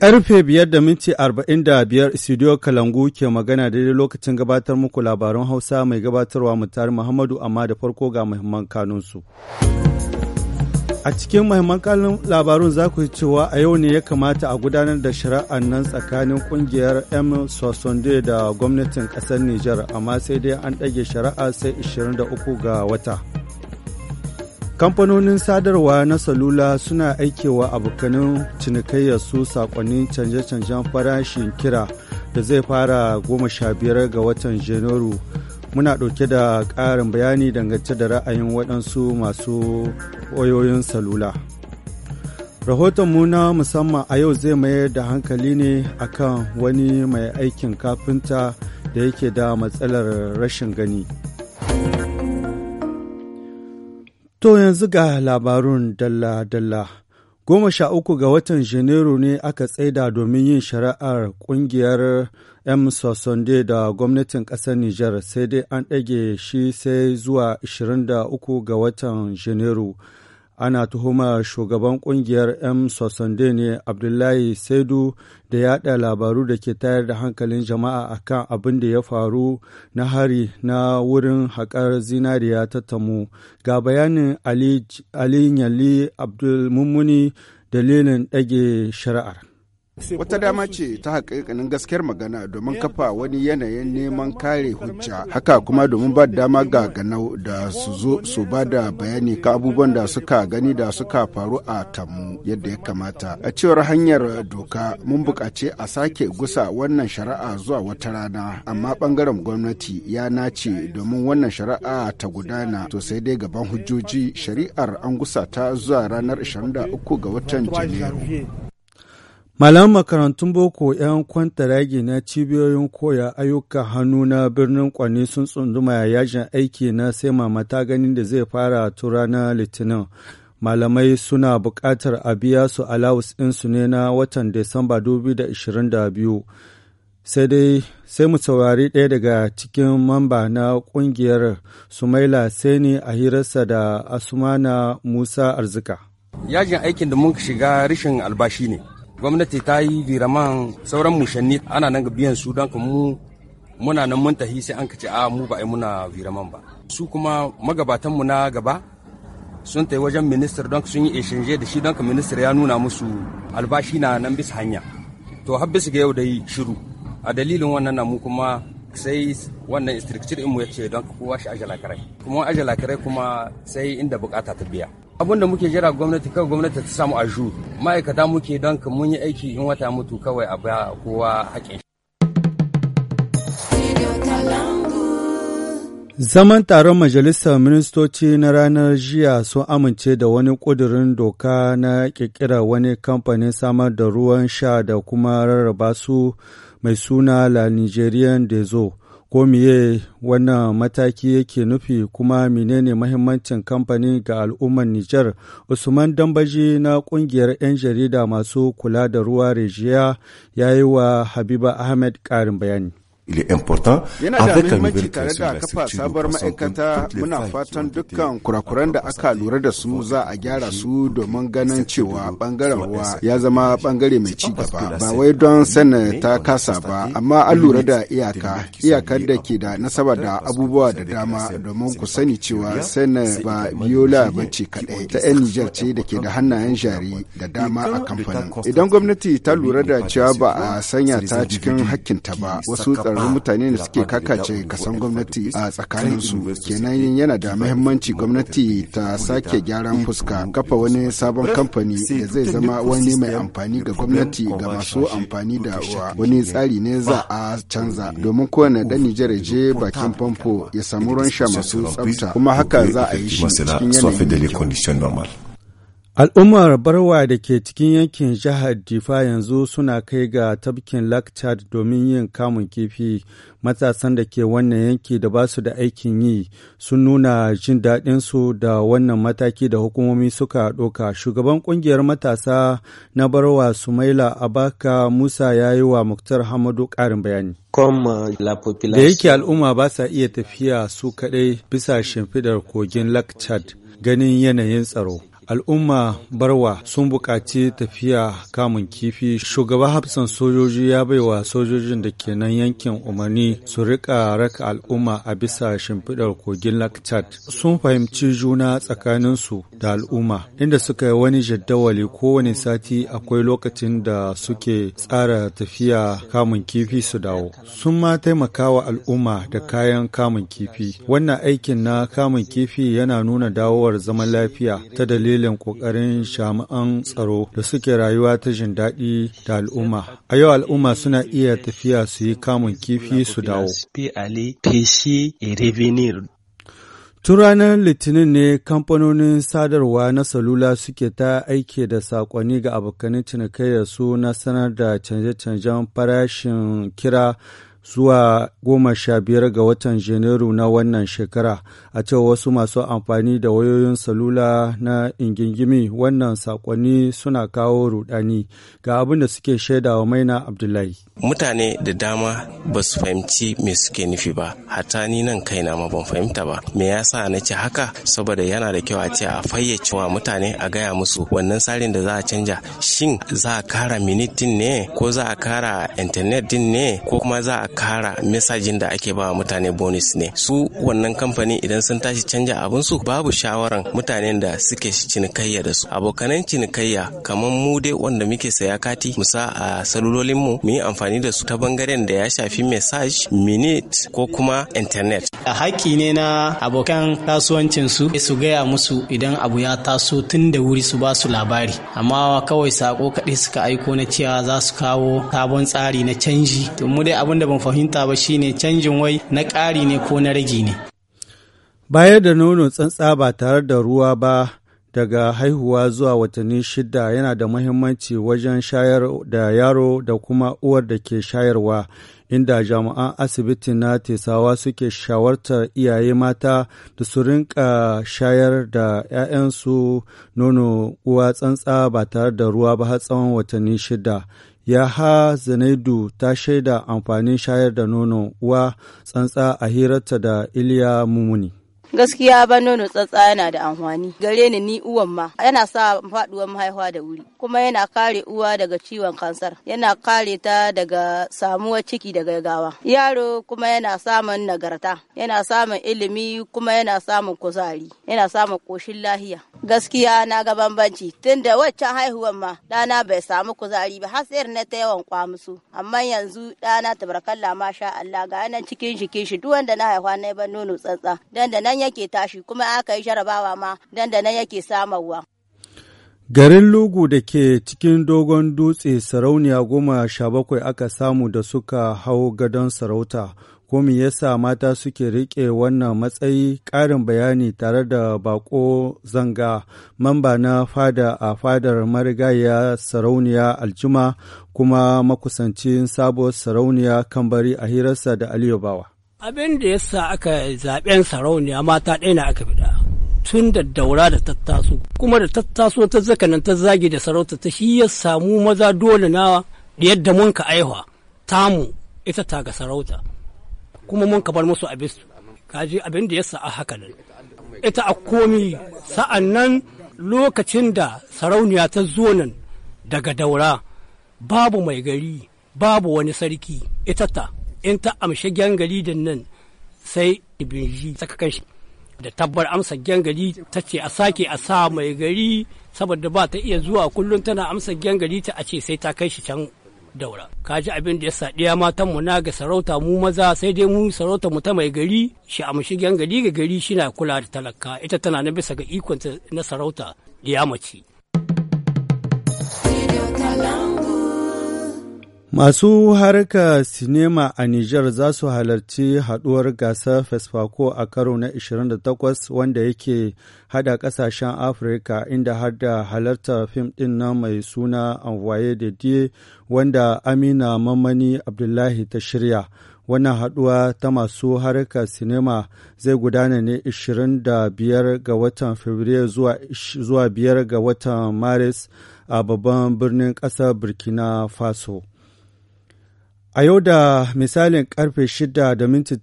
Karfe biyar da minti arba'in da biyar Studio Kalangu ke magana daidai lokacin gabatar muku labaran Hausa mai gabatarwa mutari Muhammadu amma da farko ga muhimman kanunsu. A cikin muhimman kanun labarun za ku cewa a yau ne ya kamata a gudanar da shari'ar nan tsakanin kungiyar M. Sosonde da gwamnatin ƙasar Nijar amma sai dai an ɗage shari'a sai 23 ga wata. kamfanonin sadarwa na salula suna aikewa abokanin cinikayya su sakonnin canje-canjen farashin kira da zai fara goma sha biyar ga watan janairu muna ɗauke da ƙarin bayani dangance da ra'ayin waɗansu masu wayoyin salula rahotonmu na musamman a yau zai mayar da hankali ne akan wani mai aikin kafinta da yake da matsalar rashin gani. To yanzu ga labarun dalla-dalla. Goma sha uku ga watan Janairu ne aka tsaida domin yin shari'ar ƙungiyar M. Sosonde da gwamnatin ƙasar Nijar sai dai an ɗage shi sai zuwa 23 ga watan Janairu. ana tuhumar shugaban kungiyar m sosande ne abdullahi saidu da yada labaru da ke tayar da hankalin jama'a a kan abin da ya faru na hari na wurin haƙar zinariya ta tamu ga bayanin ali yali abdul mummuni dalilin ɗage shari'ar Wata dama ce ta haƙiƙanin gaskiyar magana domin kafa wani yanayin neman kare hujja haka kuma domin ba dama ga ganau da su zo su ba da bayani ka abubuwan da suka gani da suka faru a tamu yadda ya kamata. A cewar hanyar doka mun buƙaci a sake gusa wannan shari'a zuwa wata rana amma bangaren gwamnati ya nace domin wannan shari'a ta gudana to sai dai gaban hujjoji shari'ar an gusa ta zuwa ranar 23 ga watan Janairu. Malam makarantun boko 'yan kwantaragi na cibiyoyin koya ayyuka hannu na birnin Kwani sun tsunduma yajin aiki na sai mamata ganin da zai fara tura na Litinin. Malamai suna buƙatar a biya su alawus ɗinsu ne na watan Disamba 2022. Sai dai sai mu saurari ɗaya daga cikin mamba na ƙungiyar Sumaila Seni a hirarsa da Asumana Musa Arzika. Yajin aikin da muka shiga rashin albashi ne. gwamnati ta yi viraman sauran mushanni ana nan ga biyan su don mu muna nan mun tahi sai an ka ce a ah, mu ba ai muna viraman ba su kuma magabatan mu na gaba sun tai wajen minister don sun yi exchange da shi don ka minister ya nuna musu albashi na nan bisa hanya to har bisa ga yau da yi shiru a dalilin wannan na mu kuma sai wannan structure in mu ce don kowa shi ajala kuma ajala kuma sai inda bukata ta biya abinda muke jira gwamnati kawai gwamnati ta samu aju ma'aikata muke don ka mun yi aiki in wata mutu kawai a ba kowa haƙin Zaman taron Majalisar Ministoci na ranar jiya sun amince da wani ƙudurin doka na ƙirƙirar wani kamfanin samar da ruwan sha da kuma rarraba su mai suna La Nigerian Dezo. ko miye wannan mataki yake nufi kuma menene mahimmancin kamfani ga al'ummar Nijar Usman Dambaji na kungiyar 'yan jarida masu kula da ruwa Rijiya ya yi wa Habiba Ahmed ƙarin bayani. il est important yana da muhimmanci tare da kafa sabuwar ma'aikata muna fatan dukkan kurakuran da aka lura da su za a gyara su domin ganin cewa bangaren ruwa ya zama bangare mai ci gaba ba wai don sanin ta kasa ba amma an lura da iyaka iyakar da ke da nasaba da abubuwa da dama domin ku sani cewa sanin ba biyola ba ce kadai ta yan nijar ce da ke da hannayen jari da dama a kamfanin idan gwamnati ta lura da cewa ba a sanya ta cikin hakkinta ba wasu tsar kwararrun mutane da suke kakace kasan gwamnati a tsakanin tsakaninsu kenan yana da mahimmanci gwamnati ta sake gyaran fuska kafa wani sabon kamfani da zai zama wani mai amfani ga gwamnati ga masu amfani da wani tsari ne za a canza domin kowane dan Nijar je bakin famfo ya samu ruwan sha masu tsafta kuma haka za a yi shi cikin yanayi Al'ummar Barwa da ke cikin yankin jihar Difa yanzu suna kai ga tafkin Lake domin yin kamun kifi. Matasan da ke wannan yanki da ba su da aikin yi sun nuna jin daɗinsu da wannan mataki da hukumomi suka ɗoka. Shugaban ƙungiyar matasa na Barwa Sumaila Abaka Musa ya yi wa Muktar Hamadu ƙarin bayani. Da yake al'umma ba sa iya tafiya su kaɗai bisa shimfidar kogin Lake ganin yanayin tsaro. al'umma barwa sun buƙaci tafiya kamun kifi Shugaban hafsan sojoji ya baiwa sojojin da ke nan yankin umarni su riƙa raka al'umma a bisa shimfiɗar kogin lakchad sun fahimci juna tsakaninsu da al'umma inda suka yi wani jaddawali kowane sati akwai lokacin da suke tsara tafiya kamun kifi su dawo sun ma taimaka wa al'umma da kayan kamun kifi wannan aikin na kamun kifi yana nuna dawowar zaman lafiya ta dalilin dalilin ƙoƙarin shama'an tsaro da suke rayuwa ta jin daɗi da al'umma. A yau al'umma suna iya tafiya su yi kamun kifi su dawo. Tun ranar Litinin ne kamfanonin sadarwa na salula suke ta aiki da sakonni ga abokanin cinikayyar su na sanar da canje-canjen farashin kira zuwa goma sha biyar ga watan janairu na wannan shekara a cewa wasu masu amfani da wayoyin salula na ingingimi wannan sakonni suna kawo rudani ga abin da suke shaida shaidawa maina abdullahi mutane da dama ba su fahimci mai suke nufi ba hata ni nan kai ma ban fahimta ba me yasa na ce haka saboda yana da kyau a ce a fayyace wa mutane a gaya musu wannan tsarin da za a canja shin za a kara minit din ne ko za a kara intanet din ne ko kuma za a kara mesajin da ake ba mutane bonus ne su wannan kamfani idan sun tashi canja abin su babu shawaran mutanen da suke cinikayya da su abokanan cinikayya kamar mu dai wanda muke saya kati musa a salulolin mu mu yi amfani da su ta bangaren da ya shafi message minute ko kuma internet a haƙƙi ne na abokan kasuwancin su su gaya musu idan abu ya taso tun da wuri su ba su labari amma kawai sako kaɗai suka aiko na cewa za su kawo sabon tsari na canji to mu dai abin da ban fahimta ba shine canjin wai na ƙari ne ko na rage ne. Bayar da nono tsantsa ba tare da ruwa ba daga haihuwa zuwa watanni shida yana da muhimmanci wajen shayar da yaro da kuma uwar da ke shayarwa inda jami'an asibiti na tesawa suke shawartar iyaye mata da su rinka shayar da 'ya'yansu nono uwa tsantsa ba tare da ruwa ba har tsawon watanni shida Yaha Zanaidu ta shaida amfanin shayar da nono uwa tsantsa a hirarta da Iliya Mumuni. gaskiya ba nono tsatsa yana da amfani gare ni ni uwan ma yana sa faduwar mahaifa da wuri kuma yana kare uwa daga ciwon kansar yana kare ta daga samuwar ciki da gaggawa yaro kuma yana samun nagarta yana samun ilimi kuma yana samun kuzari yana samun koshin lahiya gaskiya na ga bambanci Tun da waccan haihuwar ma dana bai samu kuzari ba har sayar na ta yawan kwamusu amma yanzu dana tabarakallah masha Allah ga nan cikin jikin shi duk wanda na haihuwa na ba nono tsatsa dan da nan nan yake tashi kuma aka yi jarabawa ma dan da nan yake samarwa. Garin Lugu da ke cikin dogon dutse sarauniya goma sha bakwai aka samu da suka hau gadon sarauta, ko me yasa mata suke riƙe wannan matsayi ƙarin bayani tare da bako zanga mamba na fada a fadar marigaya sarauniya aljima kuma makusancin sabuwar sarauniya kambari a hirarsa da Aliyu Bawa. abin da ya sa aka zaben sarauniya mata ɗaya na aka fida tun da daura da tattaso kuma da tattaso ta zakanan ta zagi da sarauta ta shi ya samu maza dole na yadda mun ka aihwa tamu ita ta ga sarauta kuma mun ka bar musu abisu kaji abin da ya sa a haka nan ita a komi sa'an nan lokacin da sarauniya ta zo nan daga daura babu mai gari babu wani sarki ita ta in ta amshe gyangali da nan sai ibinji saka kanshi da tabbar amsa gyangali ta ce a sake a sa mai gari saboda ba ta iya zuwa kullum tana amsa gyangali ta a ce sai ta kai shi can daura kaji abin da ya saɗiya matan mu na ga sarauta mu maza sai dai mu sarauta mu ta mai gari shi amshi gyangali ga gari shi na kula da talaka ita tana na bisa ga ikonta na sarauta ya mace Masu harka sinema a Nijar za su halarci haɗuwar gasar Fesfako a karo na 28 wanda yake hada ƙasashen Afirka inda har da halartar fim ɗin mai suna Envoye de Die wanda Amina Mamani Abdullahi ta shirya. wannan haɗuwa ta masu harka sinema zai gudana ne 25 ga watan fabrairu zuwa 5 ga watan maris a babban birnin ƙasar burkina faso A yau da misalin karfe 6 da minti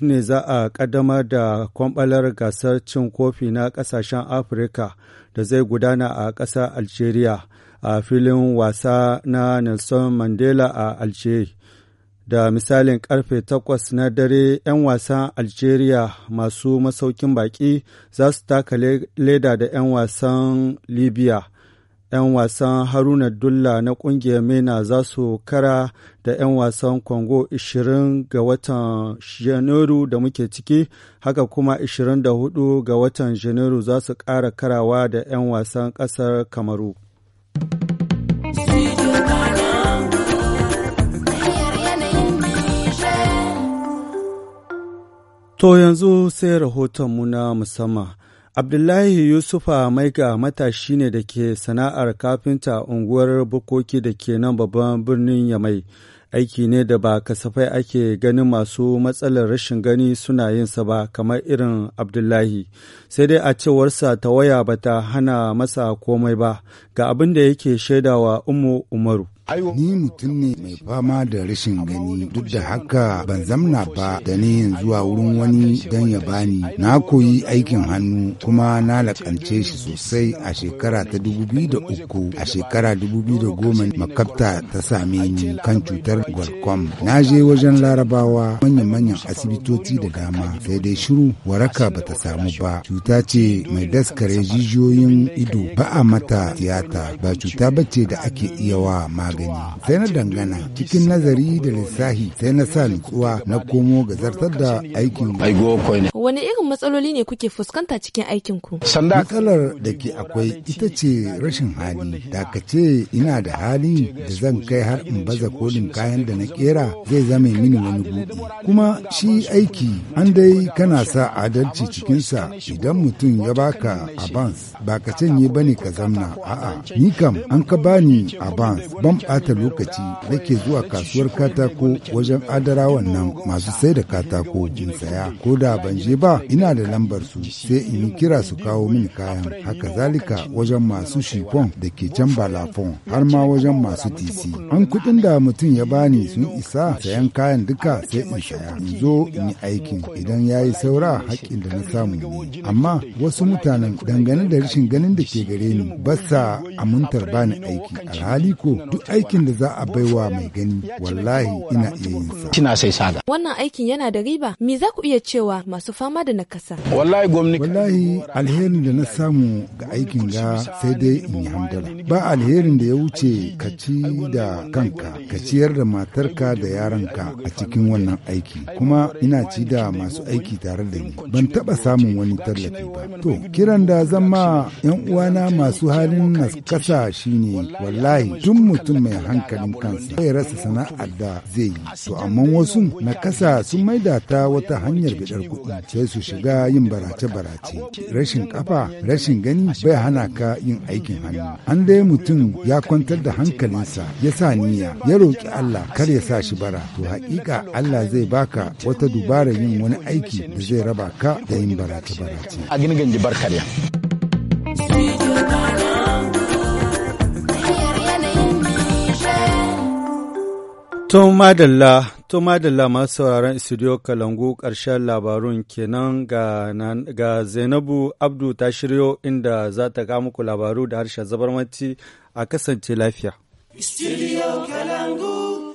ne za a kaddamar da kwambalar gasar cin kofi na kasashen Afirka da zai gudana a ƙasar Algeria a filin wasa na Nelson Mandela a Algeria. Da misalin karfe 8 na dare 'yan wasan Algeria masu masaukin baƙi za su taka leda da 'yan wasan Libya. 'yan wasan haruna dulla na kungiyar mena za su kara da 'yan wasan Kongo 20 ga watan janairu da muke ciki haka kuma 24 ga watan janairu za su kara karawa da 'yan wasan ƙasar kamaru to yanzu sai rahotonmu na musamman Abdullahi Yusufa Maiga matashi ne da ke sana'ar kafinta unguwar Bukoki da ke nan babban birnin Yamai. Aiki ne da ba kasafai ake ganin masu matsalar rashin gani suna yinsa ba kamar irin Abdullahi. Sai dai a cewarsa ta waya bata hana masa komai ba ga abin da yake shaidawa Umu Umaru. Ni mutum ne mai fama da rashin gani duk da haka ban zamna ba da yanzu zuwa wurin wani don ya bani. Na koyi aikin hannu kuma na lakance shi sosai a shekara ta 2003 a shekara 2010 makabta ta same ni kan cutar gwalcom. Na je wajen larabawa manya-manyan asibitoci da dama sai dai shiru waraka ba ta samu ba. Cuta ce mai daskare jijiyoyin ido ba a mata tiyata ba cuta bace da ake iya wa magani. magani sai na dangana cikin nazari da lissahi sai na sa nutsuwa na komo ga zartar da aikin wani irin matsaloli ne kuke fuskanta cikin aikinku? Matsalar da ke akwai ita ce rashin hali. Dakace ina da hali da zan kai har in baza kolin kayan da na kera zai zame mini wani buɗi. Kuma shi aiki an dai kana sa adalci cikinsa idan mutum ya baka abans ba ka canye bane ka zamna a'a ni kam an ka bani abans ban ɓata lokaci nake zuwa kasuwar katako wajen adarawan nan masu sai da katako in saya ko da ban je amince eh, ba ina da lambar su sai in yi kira su kawo mini kayan haka zalika wajen masu shifon da ke can balafon har ma wajen masu tisi an kudin da mutum ya bani sun isa sayan kayan duka sai in shaya in zo in yi aikin idan ya yi saura haƙƙin da na samu ne amma wasu mutanen dangane da rashin ganin da ke gare ni ba sa amintar bani aiki alhali ko duk aikin da za a baiwa mai gani wallahi ina iya yin sa. Wannan aikin yana da riba me za ku iya cewa masu fama da nakasa. Wallahi alherin da na samu ga aikin ga sai dai in yi hamdala. Ba alherin da ya wuce ka ci da kanka, ka ciyar da matarka da yaranka a cikin wannan aiki. Kuma ina ci da masu aiki tare da ni. Ban taɓa samun wani tallafi ba. To, kiran da zan ma 'yan uwana masu halin nakasa shine wallahi tun mutum mai hankalin kansa Bai rasa sana'ar da zai yi. To, amma wasu nakasa sun maida ta wata hanyar bidar kuɗi. sai su shiga yin barace-barace rashin kafa rashin gani bai hana ka yin aikin hannu an dai mutum ya kwantar da hankalinsa ya sa niyya ya roƙi Allah kar ya sa shi bara to haƙiƙa Allah zai baka wata dubara yin wani aiki da zai raba ka da yin barace-barace a Tun madalla To madalla masu sauraron studio Kalangu karshen labarun kenan ga Zainabu Abdu ta shiryo inda za ta ga muku labaru da harshen zabarmanci a kasance lafiya. Studio